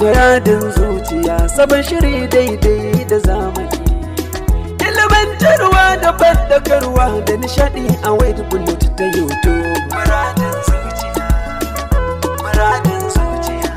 Muradin zuciya sabon shiri daidai da zamani. Ilimantarwa da bandakarwa da nishadi a wayar bullet ta YouTube. Muradin zuciya, muradin zuciya.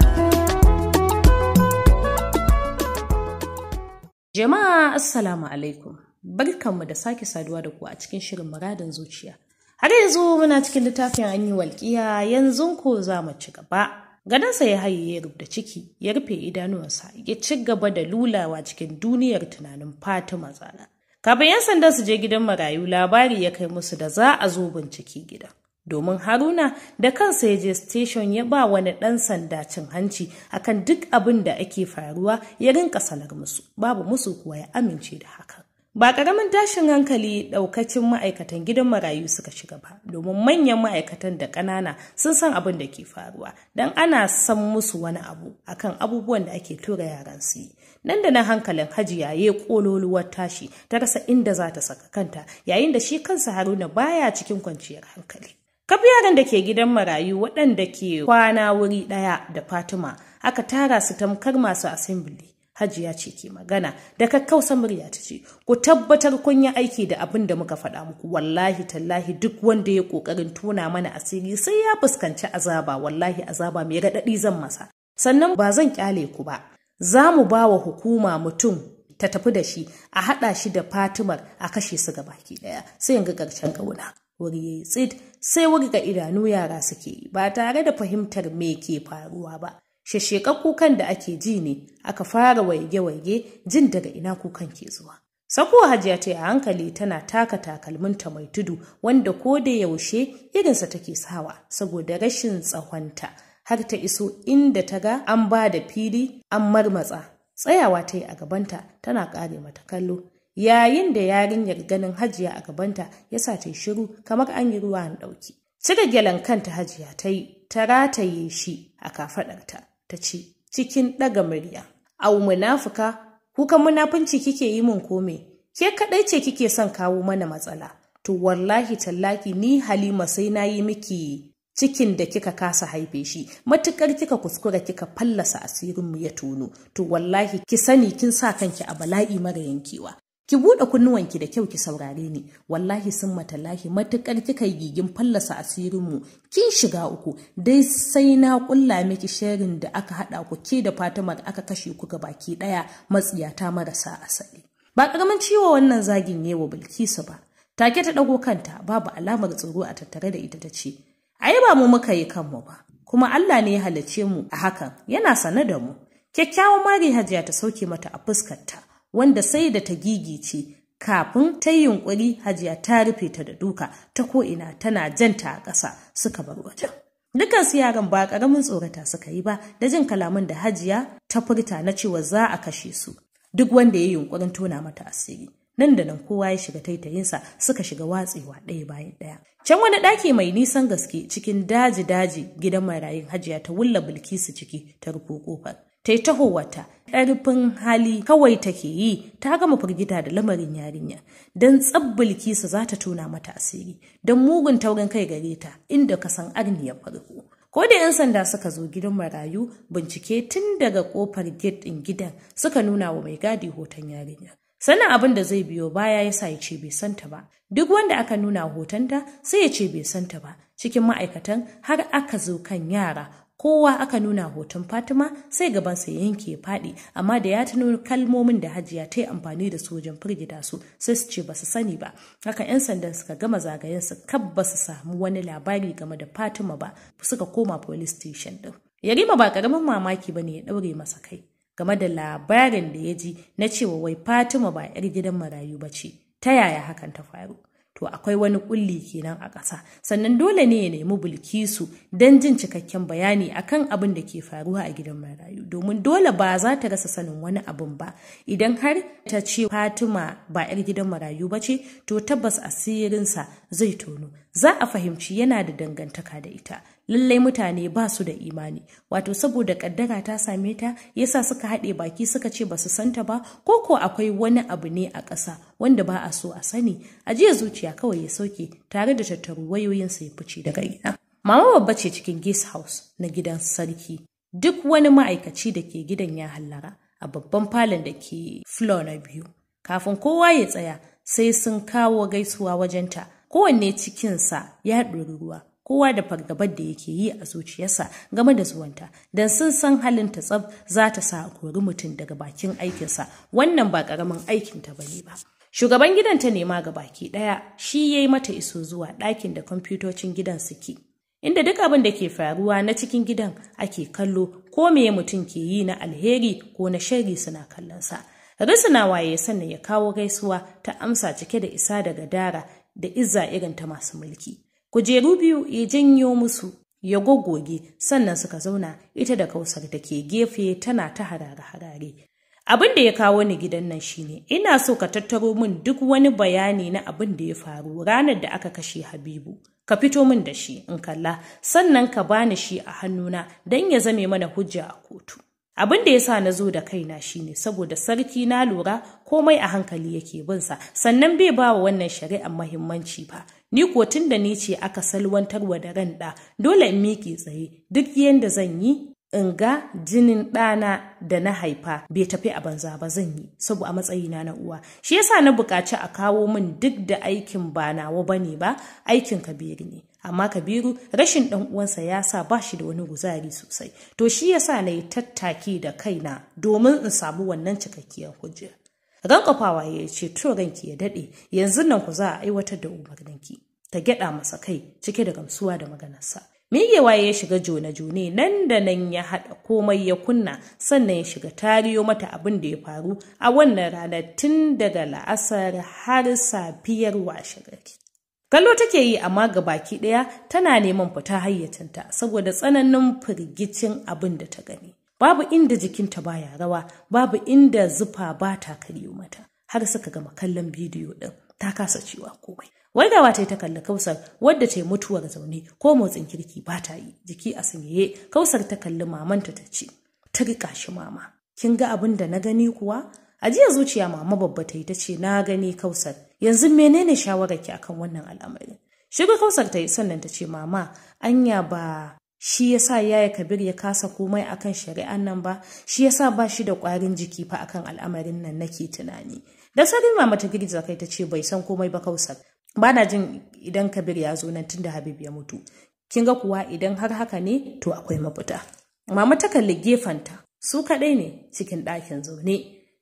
Jama'a Assalamu alaikum. Barkanmu da sake saduwa da ku a cikin shirin muradin zuciya. Har yanzu muna cikin littafin an yi walƙiya yanzu ko za mu ci gaba. Ganinsa ya haye ya rubda ciki, ya rufe idanuwansa, ya ci gaba da lulawa cikin duniyar tunanin Fatima zana. Kafin 'yan sanda su je gidan marayu labari ya kai musu da za a zo binciki gida. Domin Haruna da kansa ya je station ya ba wani ɗan sanda cin hanci akan duk abin da ake faruwa ya rinka sanar musu, babu musu kuwa ya amince da hakan. Ba ƙaramin tashin hankali ɗaukacin ma'aikatan gidan marayu suka shiga ba, domin manyan ma'aikatan da ƙanana sun san abin da ke faruwa, don ana san musu wani abu akan abubuwan da ake tura yaran su yi. Nan da na hankalin hajiya ya ƙololuwar tashi ta rasa inda za ta saka kanta, yayin da shi kansa Haruna baya cikin kwanciyar hankali. Kaf yaran da ke gidan marayu waɗanda ke kwana wuri ɗaya da Fatima, aka tara su tamkar masu asembili. hajiya ce ke magana da kakkausa murya ta ce ku tabbatar kun yi aiki da abin da muka faɗa muku wallahi tallahi duk wanda ya ƙoƙarin tuna mana asiri sai ya fuskanci azaba wallahi azaba mai raɗaɗi zan masa sannan ba zan ƙyale ku ba za mu ba wa hukuma mutum ta tafi da shi a haɗa shi da fatimar a kashe su ga baki ɗaya sai yanga ga ƙarshen ƙauna wuri ya yi tsid sai wurga idanu yara suke yi ba tare da fahimtar me ke faruwa ba shesheƙar kukan da ake ji ne aka fara waige-waige jin daga ina kukan ke zuwa. sako hajiya ta a hankali tana taka takalminta mai tudu wanda ko da yaushe irinsa take sawa saboda rashin tsahonta har ta iso inda ta ga an ba da fili an marmatsa. Tsayawa ta yi a gabanta tana kare mata kallo. Yayin da yarinyar ganin hajiya a gabanta ya sa ta shiru kamar an yi ruwa an ɗauki. Cire gyalan kanta hajiya ta yi ta rataye shi a kafaɗarta. ta ce cikin ɗaga murya. Au munafuka, kukan munafunci kike yi mun kome, ke kaɗai ce kike son kawo mana matsala. To wallahi tallaki ni Halima sai na yi miki cikin da kika kasa haife shi, matuƙar kika kuskura kika fallasa asirinmu ya tono, to wallahi ki sani kin sa kanki a bala'i mara yankewa. ki buɗe kunnuwanki da kyau ki saurare ni wallahi sun matalahi matukar kika yi gigin fallasa asirinmu kin shiga uku dai sai na kulla miki sharin da aka haɗa ku ke da fatima da aka kashe ku baki ɗaya matsiyata marasa asali ba ƙaramin ciwo wannan zagin yewa bilkisu ba take ta ɗago kanta babu alamar tsoro a tattare da ita ta ce ai ba mu muka yi kanmu ba kuma Allah ne ya halicce mu a hakan yana sane da mu kyakkyawan mari hajiya ta sauke mata a fuskarta wanda sai da ta gigice kafin ta yi yunƙuri hajiya ta rufe ta da duka ta ko'ina tana janta a ƙasa suka bar wajen. su yaran ba ƙaramin tsorata suka yi ba da jin kalaman da hajiya ta furta na cewa za a kashe su duk wanda ya yi yunƙurin tona mata asiri. nan da nan kowa ya shiga taitayinsa suka shiga watsewa ɗaya bayan ɗaya. Can wani ɗaki mai nisan gaske cikin daji-daji gidan marayun hajiya ta wulla Bilkisu ciki ta rufe ƙofar. ta yi tahowata ƙarfin hali kawai take yi ta gama firgita da lamarin yarinya don tsabbalki su za ta tuna mata asiri don mugun taurin kai gare ta inda ka san arniyar farko ko da 'yan sanda suka zo gidan marayu bincike tun daga kofar gate ɗin gidan suka nuna wa mai gadi hoton yarinya sannan abin da zai biyo baya ya sa ya ce bai santa ba duk wanda aka nuna hotonta sai ya ce bai santa ba cikin ma'aikatan har aka zo kan yara kowa aka nuna hoton fatima sai gabansa ya yanke faɗi amma da ya tuno kalmomin da hajiya ta yi amfani da su wajen firgita su sai su ce ba su sani ba haka 'yan sandan suka gama zagayen su kab ba su samu wani labari game da fatima ba suka koma police station din yarima ba karamin mamaki ba ne ya daure masa kai game da labarin da ya ji na cewa wai fatima ba 'yar gidan marayu ba ce ta yaya hakan ta faru to akwai wani kulli kenan a ƙasa sannan dole ne ya nemi bulkisu don jin cikakken bayani akan abin da ke faruwa a gidan marayu domin dole ba za ta rasa sanin wani abin ba idan har ta ce fatima ba 'yar gidan marayu ba ce to tabbas asirinsa zai tono za a fahimci yana da dangantaka da ita lallai mutane ba su da imani wato saboda kaddara ta same ta yasa suka haɗe baki suka ce ba su santa ba ko ko akwai wani abu ne a ƙasa wanda ba a so a sani a jiya zuciya kawai ya sauke tare da tattaru wayoyinsa ya fice daga gida mama babba ce cikin guest house na gidan sarki duk wani ma'aikaci da ke gidan ya hallara a babban falon da ke floor na biyu kafin kowa ya tsaya sai sun kawo gaisuwa wajenta kowanne cikinsa ya ɗori ruwa kowa da fargabar da yake yi a zuciyarsa game da zuwanta don sun san halin ta tsab za ta sa a kori mutum daga bakin aikinsa wannan ba ƙaramin aikinta ba ne ba. Shugaban gidan ta nema ga baki ɗaya shi yayi mata iso zuwa ɗakin da kwamfutocin gidan suke. Inda duk abin da ke faruwa na cikin gidan ake kallo ko meye mutum ke yi na alheri ko na shari suna kallonsa. Risina waye sannan ya kawo gaisuwa ta amsa cike da isa daga dara da izza irin ta masu mulki. kujeru biyu ya janyo musu ya goggoge sannan suka zauna ita da kausar da ke gefe tana ta harare-harare abin da ya kawo ni gidan nan shine ina so ka tattaro min duk wani bayani na abin da ya faru ranar da aka kashe habibu ka fito min da shi in kalla sannan ka bani shi a hannuna don ya zame mana hujja a kotu abin da ya sa na zo da kaina shine saboda sarki na lura komai a hankali yake binsa sannan bai ba wa wannan shari'ar muhimmanci ba ni ko tun da ni ce aka salwantarwa da ran ɗa dole in miƙe tsaye duk yadda zan yi in ga jinin ɗana da na haifa bai tafi a banza ba zan yi sabu a matsayina na uwa shi yasa na buƙaci a kawo min duk da aikin ba nawa bane ba aikin kabiru ne amma kabiru rashin ɗan uwansa ya sa ba shi da wani guzari sosai to shi yasa na yi tattaki da kaina domin in samu wannan cikakkiyar hujjar. rankafawa ya ce to ranki ya daɗe yanzu nan ku za a aiwatar da umarninki ta gyaɗa masa kai cike da gamsuwa da maganarsa miyewa ya shiga jone-jone nan da nan ya haɗa komai ya kunna sannan ya shiga tariyo mata abin da ya faru a wannan ranar tun daga la'asar har safiyar washe gari kallo take yi amma ga baki ɗaya tana neman fita hayyacinta saboda tsananin firgicin abin da ta gani babu inda jikinta baya rawa babu inda zufa ba ta karyo mata har suka gama kallon bidiyo ɗin ta kasa cewa komai wai ta yi ta kalli kausar wadda ta yi mutuwar zaune ko motsin kirki ba ta yi jiki a sanyaye kausar ta kalli mamanta ta ce ta riƙa shi mama kin ga abin da na gani kuwa a jiya zuciya mama babba ta yi ta ce na gani kausar yanzu menene shawararki akan wannan al'amarin shiga kausar ta yi sannan ta ce mama anya ba shi ya ya yaya kabir ya kasa komai akan shari'an nan ba shi ya sa ba shi da ƙwarin jiki fa akan al'amarin nan nake tunani da ma mata girgiza kai ta ce bai san komai ba kausar ba na jin idan kabir ya zo nan tunda habib ya mutu kin ga kuwa idan har haka ne to akwai mafita mama ta kalli gefenta su kaɗai ne cikin ɗakin zaune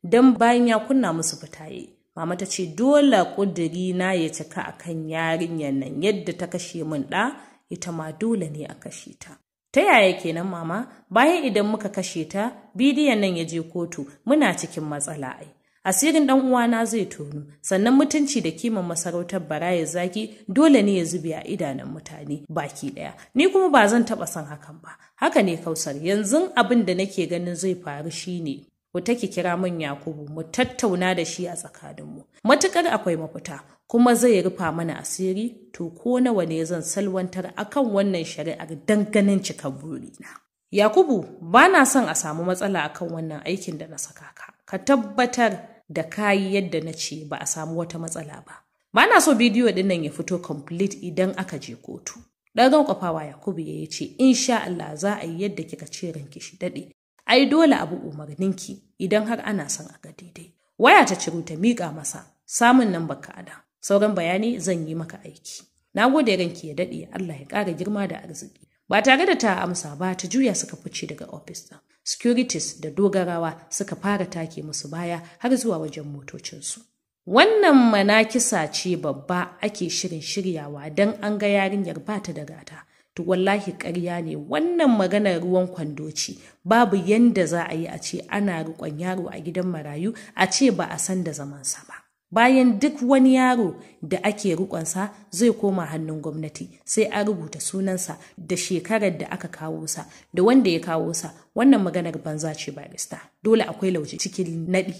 don bayan ya kunna musu fita ye. mama ta ce dole ƙudiri na ya cika akan yarinyar nan yadda ta kashe min ɗa ita ma dole ne a kashe ta. Ta yaya kenan mama bayan idan muka kashe ta bidiyon nan ya je kotu muna cikin matsala ai. Asirin ɗan uwana zai tono. sannan mutunci da kiman masarautar bara ya zaki dole ne ya zube a idanun mutane baki ɗaya. Ni kuma ba zan taɓa son hakan ba. Haka ne kausar yanzu abin da nake ganin zai faru shine ku take kira min Yakubu mu tattauna da shi a tsakaninmu. Matukar akwai mafita kuma zai rufa mana asiri to ko nawa ne zan salwantar akan wannan shari'ar danganin ganin cikar burina. Yakubu ba na son a samu matsala akan wannan aikin da na saka ka, ka tabbatar da kayi yadda na ce ba a samu wata matsala ba. Ba na so bidiyo dinnan ya fito complete idan aka je kotu. Ɗan rankwafawa Yakubu ya ce, sha Allah za a yi yadda kika ce ranki shi daɗe. Ai dole abu umarninki idan har ana son a ga daidai. Waya ta ciro ta miƙa masa, samun nan baka ada. Sauran bayani zan yi maka aiki. Na gode ranki ya daɗe Allah ya ƙara girma da arziki. Ba tare da ta amsa ba ta juya suka fice daga ofis ɗin. Securities da dogarawa suka fara take musu baya har zuwa wajen motocinsu. Wannan manakisa ce babba ake shirin shiryawa don an ga yarinyar ba ta da gata. to wallahi ƙarya ne wannan maganar ruwan kwando ce babu yanda za a yi a ce ana riƙon yaro a gidan marayu a ce ba a san da zamansa ba bayan duk wani yaro da ake rikonsa zai koma hannun gwamnati sai an rubuta sunansa da shekarar da aka kawo sa da wanda ya kawo sa wannan maganar banza ce barista dole akwai lauje cikin nadi.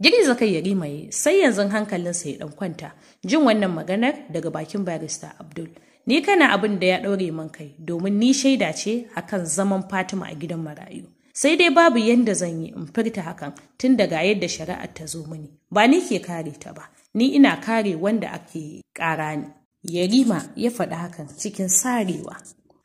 girgiza kai ya rimaye sai yanzu hankalinsa ya ɗan kwanta jin wannan maganar daga bakin barista abdul ni kana abin da ya ɗaure man kai domin ni shaida ce akan zaman fatima a gidan marayu sai dai babu yanda zan yi in furta hakan tun daga yadda shari'ar ta zo mini ba ni ke kare ta ba ni ina kare wanda ake kara ni yarima ya faɗi hakan cikin sarewa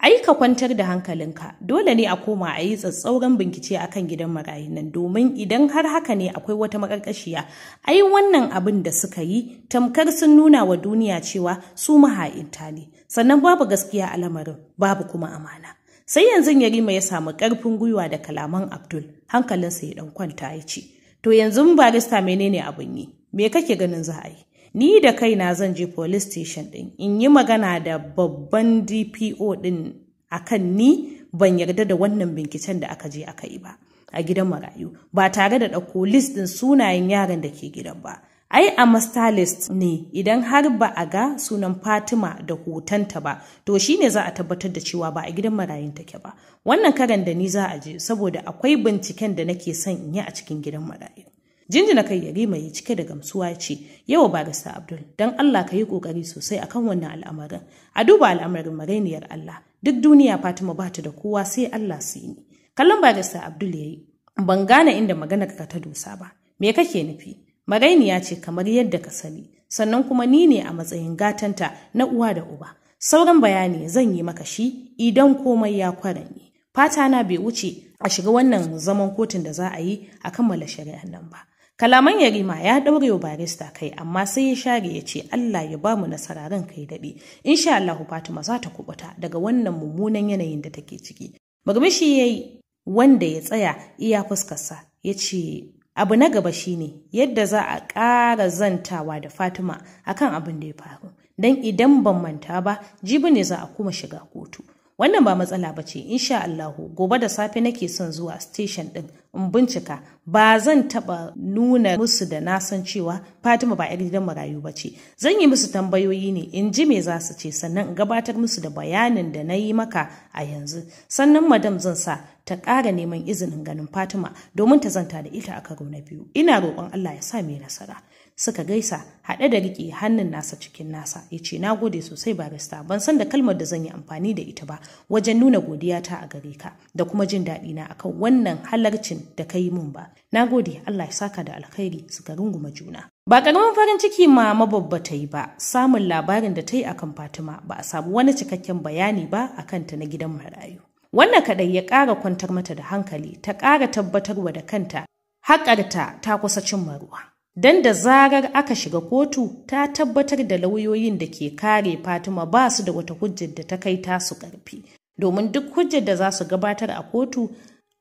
ai ka kwantar da hankalinka dole ne a koma a yi tsatsauran bincike a kan gidan marayun nan domin idan har haka ne akwai wata makarkashiya ai wannan abin da suka yi tamkar sun nuna wa duniya cewa su maha'inta ne sannan babu gaskiya a lamarin babu kuma amana Sai yanzu Yarima ya samu karfin gwiwa da kalaman Abdul, hankalinsa ya ɗan kwanta ya ce, To yanzu barista menene abin yi? Me kake ganin za a yi? Ni da kaina zan je police station ɗin in yi magana da babban DPO ɗin akan ni ban yarda da wannan binciken da aka je aka yi ba. a gidan marayu ba tare da ɗauko list ɗin sunayen yaran da ke gidan ba Ai a master list ne idan har ba a ga sunan Fatima da hotonta ba, to shi ne za a tabbatar da cewa ba a gidan marayun take ba. Wannan karan da ni za a je saboda akwai binciken da nake son in yi a cikin gidan marayu. Jinjina kai yari mai cike da gamsuwa ce, yawa barista Abdul, don Allah ka yi ƙoƙari sosai akan wannan al'amarin. A duba al'amarin marainiyar Allah, duk duniya Fatima ba ta da kowa sai Allah su yi. Kallon barista Abdul ya yi, ban gane inda maganar ka ta dosa ba, me kake nufi? Marainiya ce kamar yadda ka sani, sannan kuma ni ne a matsayin gatanta na uwa da uba. Sauran bayani zan yi maka shi idan komai ya kwaranye. Fata na bai wuce a shiga wannan zaman kotun da za a yi a kammala shari'an nan ba. Kalaman Yarima ya ɗaure wa barista kai amma sai ya share ya ce Allah ya bamu nasara ran kai daɗe. Insha Allahu Fatima za ta kubuta daga wannan mummunan yanayin da take ciki. Murmushi ya yi wanda ya tsaya iya fuskarsa ya ce abu na gaba shine yadda za a ƙara zantawa da fatima akan abin da ya faru don idan ban manta ba jibi ne za a kuma shiga kotu Wannan ba matsala ba ce, insha Allahu, gobe da safe nake son zuwa station ɗin in bincika, ba zan taɓa nuna musu da na san cewa Fatima ba 'yar gidan marayu ba ce. Zan yi musu tambayoyi ne in ji me za su ce sannan in gabatar musu da bayanin da na yi maka a yanzu. Sannan madam zan sa ta ƙara neman izinin ganin Fatima domin ta zanta da ita a karo na biyu. Ina roƙon Allah ya sa mai nasara. suka gaisa haɗe da riƙe hannun nasa cikin nasa ya ce na gode sosai barista ban san da kalmar da zan yi amfani da ita ba wajen nuna godiyata a gare ka da kuma jin daɗi na akan wannan halarcin da ka yi mun ba na gode Allah ya saka da alkhairi suka runguma juna ba karamin farin ciki ma mababba ta yi ba samun labarin da ta yi akan Fatima ba a samu wani cikakken bayani ba a kanta na gidan marayu wannan kaɗai ya ƙara kwantar mata da hankali ta ƙara tabbatarwa da kanta haƙarta ta kusa cimma ruwa don da zarar aka shiga kotu ta tabbatar da lauyoyin da ke kare fatima ba su da wata hujjar da ta kai ta su karfi domin duk hujjar da za su gabatar a kotu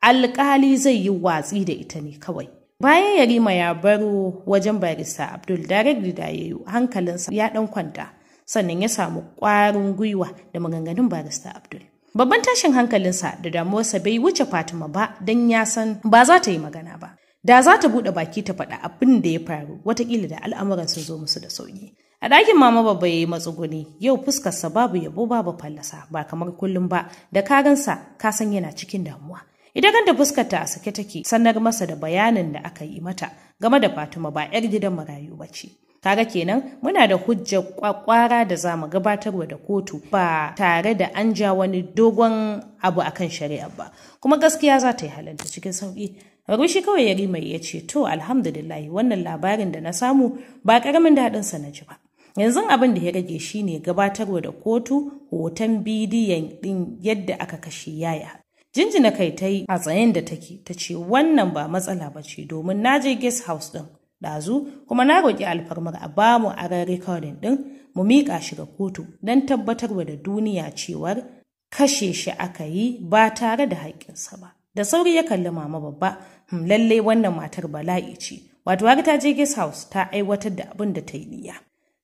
alƙali zai yi watsi da ita ne kawai bayan yarima ya baro wajen barista abdul darek da ya yi hankalinsa ya ɗan kwanta sannan ya samu ƙwarin gwiwa da maganganun barista abdul babban tashin hankalinsa da damuwarsa bai wuce fatima ba don ya san ba za ta yi magana ba Da za ta buɗe baki ta faɗa abin da ya faru, wataƙila da al'amuran sun zo musu da sauki A ɗakin mama babba ya yi matsuguni, yau fuskarsa babu yabo babu fallasa, ba kamar kullum ba, da ka gansa ka san yana cikin damuwa. Ita kanta fuskarta a sake take sanar masa da bayanin da aka yi mata game da Fatima ba 'yar gidan marayu ba ce. Kaga kenan muna da hujjar kwakwara da za mu gabatarwa da kotu ba tare da an ja wani dogon abu akan shari'a ba. Kuma gaskiya za ta yi halarta cikin sauki Rushi kawai ya rima ya ce, To, alhamdulillah wannan labarin da na samu ba ƙaramin sa na ji ba. Yanzu abin da ya rage shine gabatarwa da kotu hoton bidiyon ɗin yadda aka kashe yaya. Jinjina kai ta yi a tsayin da take, ta ce wannan ba matsala ba ce domin na je guest house din. ɗazu kuma na roƙi alfarmar a ba mu aran rikodin ɗin mu miƙa shi ga kotu don tabbatarwa da duniya cewar kashe shi aka yi ba tare da haƙƙinsa ba. Da sauri ya kalli mama babba, hmm, lalle wannan matar bala'i ce, wato haka ta je guest house ta aiwatar da abin da ta yi niyya.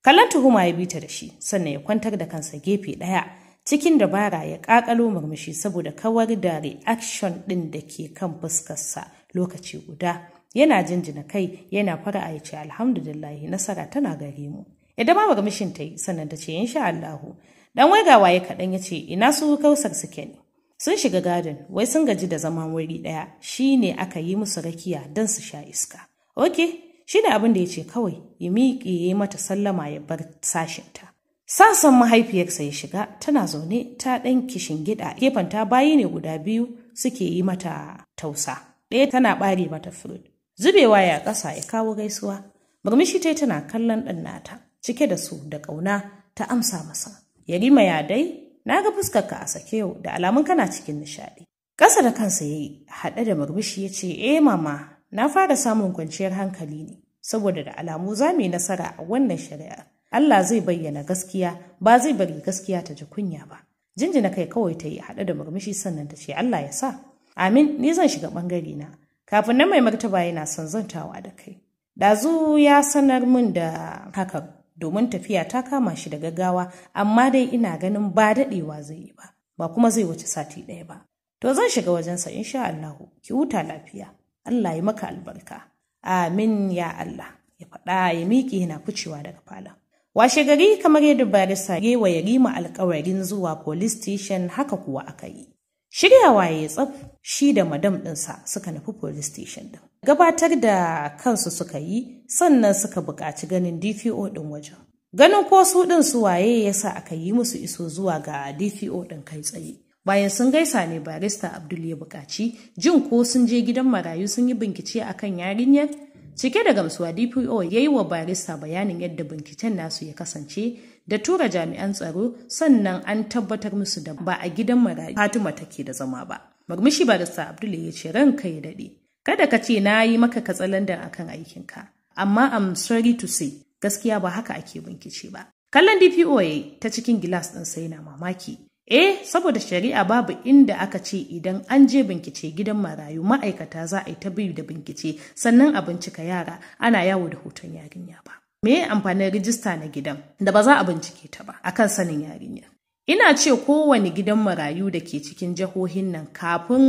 Kallon tuhuma ya bi ta da shi, sannan ya kwantar da kansa gefe ɗaya, cikin dabara ya ƙaƙalo murmushi saboda kawar da reaction ɗin da ke kan fuskarsa lokaci guda. Yana jinjina kai, yana fara a ce alhamdulillahi nasara tana gare mu. Idan ma murmushin ta yi, sannan ta ce insha Allahu. Dan waigawa ya kaɗan ya ce ina su kausar suke ne. Sun shiga gadin, wai sun gaji da zaman wuri ɗaya, shi ne aka yi musu rakiya don su sha iska. Ok, shi ne abin da ya ce kawai, ya miƙe ya yi mata sallama ya bar sashinta. Sassan mahaifiyarsa ya shiga, tana zaune ta ɗan kishin gida gefen ta bayi ne guda biyu suke yi mata tausa. Ɗaya tana ɓare mata furut. Zubewa ya ƙasa ya kawo gaisuwa. Murmushi tai tana kallon ɗan nata, cike da su da ƙauna ta amsa masa. Yarima ya dai na ga fuskarka a sake yau da alamun kana cikin nishaɗi. Ƙasa da kansa ya yi, haɗe da murmushi ya ce, eh mama, na fara samun kwanciyar hankali ne, saboda da alamu za mu yi nasara a wannan shari'a. Allah zai bayyana gaskiya, ba zai bari gaskiya ta ji kunya ba. Jinjina kai kawai ta yi haɗe da murmushi sannan ta ce, Allah ya sa. Amin, ni zan shiga ɓangare na. Kafin nan mai martaba yana son zantawa da kai. Dazu ya sanar min da hakan. domin tafiya ta kama shi da gaggawa amma dai ina ganin ba daɗewa zai yi ba ba kuma zai wuce sati ɗaya ba to zan shiga wajensa insha Allah ki huta lafiya Allah ya maka albarka amin ya Allah ya faɗa ya miƙe yana ficewa daga falon washe gari kamar yadda barista ya wa yarima alƙawarin zuwa police station haka kuwa aka yi Shiryawa ya tsaf shi da madam ɗinsa suka nufi police station ɗin. Gabatar da kansu suka yi sannan suka buƙaci ganin DPO ɗin wajen. Ganin ko su ɗin su waye ya sa aka yi musu iso zuwa ga DPO ɗin kai tsaye. Bayan sun gaisa ne barista Abdul ya buƙaci jin ko sun je gidan marayu sun yi bincike akan yarinyar Cike da gamsuwa DPO ya yi wa barista bayanin yadda binciken nasu ya kasance da tura jami'an tsaro sannan an tabbatar musu da ba a gidan marayu Fatima take da zama ba. Murmushi ba da sa Abdul ya ce ranka ya daɗe. Kada ka ce na yi maka katsalandan akan aikinka. Amma I'm sorry to say gaskiya ba haka ake binkice ba. Kallon DPO ya ta cikin gilas ɗin sai na mamaki. Eh, saboda shari'a babu inda aka ce idan an je bincike gidan marayu ma'aikata za a yi ta biyu da bincike sannan a bincika yara ana yawo da hoton yarinya ba. me amfanin rijista na gidan da ba za a bincike ta ba akan sanin yarinyar ina ce kowane gidan marayu da ke cikin jihohin nan kafin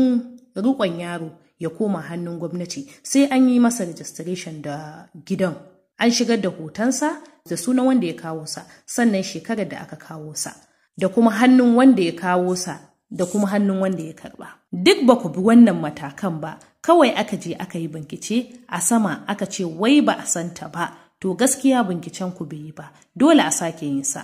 rikon yaro ya koma hannun gwamnati sai an yi masa registration da gidan an shigar da hotonsa da sunan wanda ya kawo sa sannan shekarar da aka kawo sa da kuma hannun wanda ya kawo sa da kuma hannun wanda ya karba duk ba ku bi wannan matakan ba kawai aka je aka yi bincike a sama aka ce wai ba a santa ba to gaskiya binciken ku bai yi ba dole a sake yin sa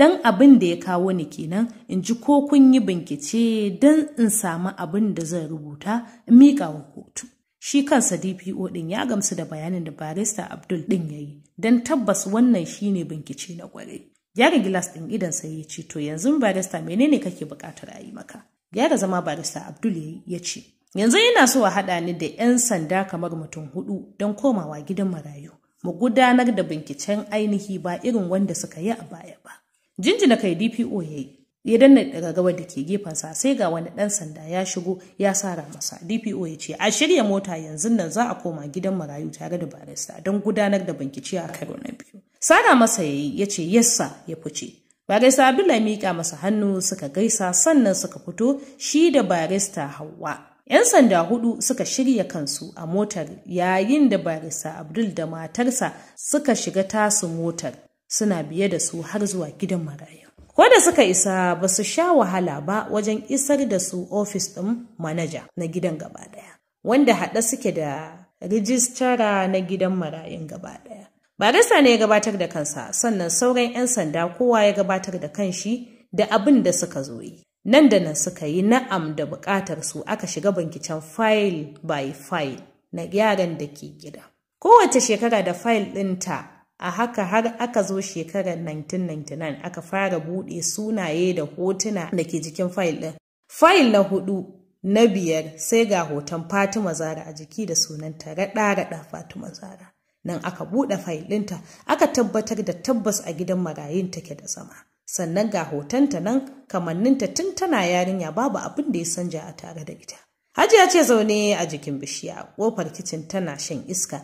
dan abin da ya kawo ni kenan in ji ko kun yi bincike dan in samu abin da zan rubuta in mika wa kotu shi kansa DPO din ya gamsu da bayanin da barista Abdul din yayi dan tabbas wannan shine bincike na kwarai gyara gilas din idan sai ya ce to yanzu barista menene kake buƙatar a yi maka gyara zama barista Abdul yayi ya ce yanzu ina so a haɗa ni da 'yan sanda kamar mutum hudu don komawa gidan marayu mu gudanar da binciken ainihi ba irin wanda suka yi a baya ba. Jinjina kai DPO ya yi, ya danna daga gabar da ke gefensa sai ga wani ɗan sanda ya shigo ya sara masa. DPO ya ce, a shirya mota yanzu nan za a koma gidan marayu tare da barista don gudanar da bincike a karo na biyu. Sara masa ya yi, ya ce, yassa ya fice. Barista Abdullahi miƙa masa hannu suka gaisa sannan suka fito shi da barista Hauwa. 'Yan sanda hudu suka shirya kansu a motar yayin da barisa Abdul da matarsa suka shiga tasu motar suna biye da su har zuwa gidan marayu. Ko da suka isa ba su sha wahala ba wajen isar da su ofis ɗin manaja na gidan gaba ɗaya, wanda haɗe suke da rijistara na gidan marayun gaba ɗaya. Barisa ne ya gabatar da kansa sannan sauran 'yan sanda kowa ya gabatar da kanshi da abin da suka zo yi. nan da nan suka yi na'am da bukatar su aka shiga bankicen fayil by fayil na yaran da ke gida. Kowace shekara da fayil ɗinta a haka har aka zo shekarar 1999 aka fara buɗe sunaye da hotuna da ke jikin fayil ɗin. Fayil na hudu na biyar sai ga hoton Fatima Zara a jiki da sunanta raɗa-raɗa Fatima Zara. Nan aka buɗe fayil ɗinta aka tabbatar da tabbas a gidan marayun take da zama. sannan ga hotonta nan kamanninta tun tana yarinya babu abin da ya sanja a tare da ita Hajiya ce zaune a jikin bishiya, Kofar kicin tana shan iska,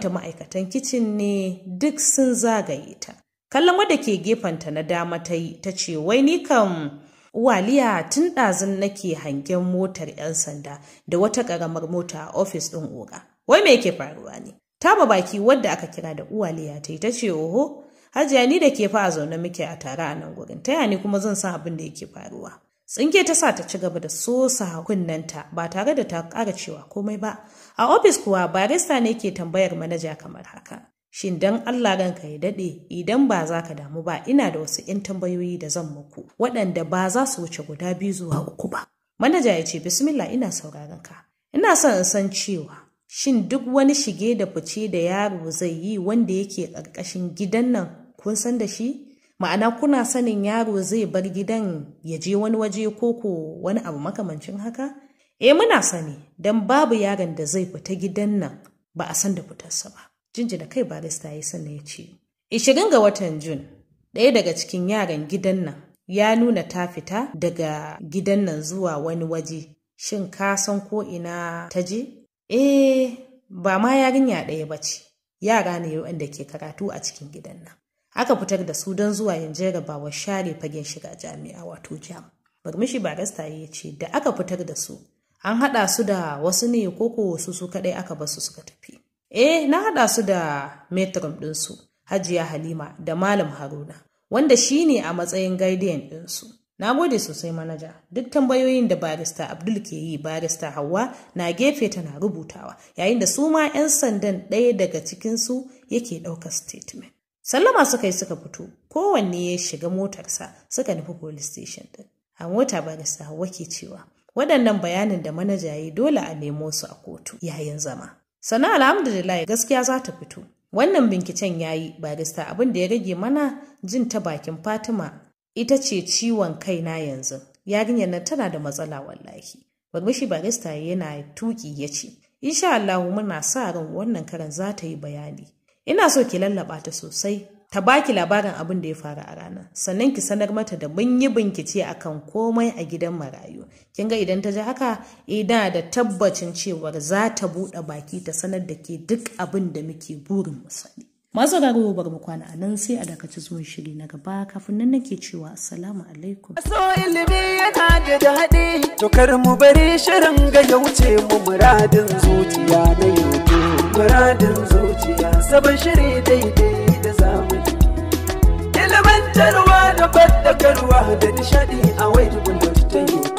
ta ma'aikatan kicin ne duk sun zagaye ta. Kallon wadda ke ta na dama ta yi, ta ce, wai ni kam waliya tun ɗazun nake hangen motar 'yan sanda da wata ƙaramar mota a ofis ɗin oga. Wai me yake faruwa ne? Taba baki wadda aka kira da uwaliya ta yi, ta ce, oho, hajiya ni da ke fa a zaune muke a tare a nan gurin ta ni kuma zan san abin da yake faruwa tsinke ta sa ta ci gaba da sosa kunnanta ba tare da ta kara cewa komai ba a ofis kuwa barista ne ke tambayar manaja kamar haka shin dan Allah ranka ya daɗe idan ba za ka damu ba ina da wasu 'yan tambayoyi da zan muku waɗanda ba za su wuce guda biyu zuwa uku ba manaja ya ce bismillah ina sauraron ka ina son in san cewa shin duk wani shige da fice da yaro zai yi wanda yake ƙarƙashin gidan nan kun san da shi ma'ana kuna sanin yaro zai bar gidan ya je wani waje ko ko wani abu makamancin haka e muna sani don babu yaron da zai fita gidan nan ba a san da fitarsa ba jinjina kai barista ya sanna ya ce ishirin ga watan jun ɗaya daga cikin yaran gidan nan ya nuna ta fita daga gidan nan zuwa wani waje shin ka san ko ina ta je eh ba ma yarinya ɗaya ba ce yara ne waɗanda ke karatu a cikin gidan nan aka fitar da su don zuwa yin jarrabawar share fagen shiga jami'a wato jam barmishi barista ya ce da aka fitar da su an haɗa su da wasu ne ko ko su su kaɗai aka su suka tafi eh na haɗa su da metron ɗinsu hajiya halima da malam haruna wanda shi ne a matsayin guardian ɗinsu na gode sosai manaja duk tambayoyin da barista abdul ke yi barista hawa na gefe tana rubutawa yayin da su ma 'yan sandan ɗaya daga cikinsu yake ɗaukar statement Sallama suka yi suka fito, kowanne ya shiga motarsa suka nufi police station ɗin. A mota barista Hauwa ke cewa, waɗannan bayanin da manaja ya dole a nemo su a kotu yayin zama. Sana alhamdulillah gaskiya za ta fito. Wannan binkicen ya yi barista abin da ya rage mana jin ta bakin Fatima ita ce ciwon kai na yanzu. Yarinyar nan tana da matsala wallahi. Barmishi barista yana tuki ya ce, Insha allahu muna sa ran wannan karan za ta yi bayani. Ina so ki lallaɓa ta sosai, ta baki labarin abin da ya faru a ranar, sannan ki sanar mata da mun yi bincike akan komai a gidan marayu. Kin ga idan ta ji haka, eh, ina da tabbacin cewar za ta buɗe baki ta sanar da ke duk abin da muke burin mu sani. Masu rarrawa bar mu kwana a nan sai a dakaci zuwan shiri na gaba kafin nan nake cewa assalamu alaikum. So ilimi yana da daɗi, to kar mu bari shirin ga ya wuce mu muradin zuciya na yau. muradin zuciya sabon shiri daidai da zamani ilmantarwa da fadakarwa da nishadi a wai tukun da ta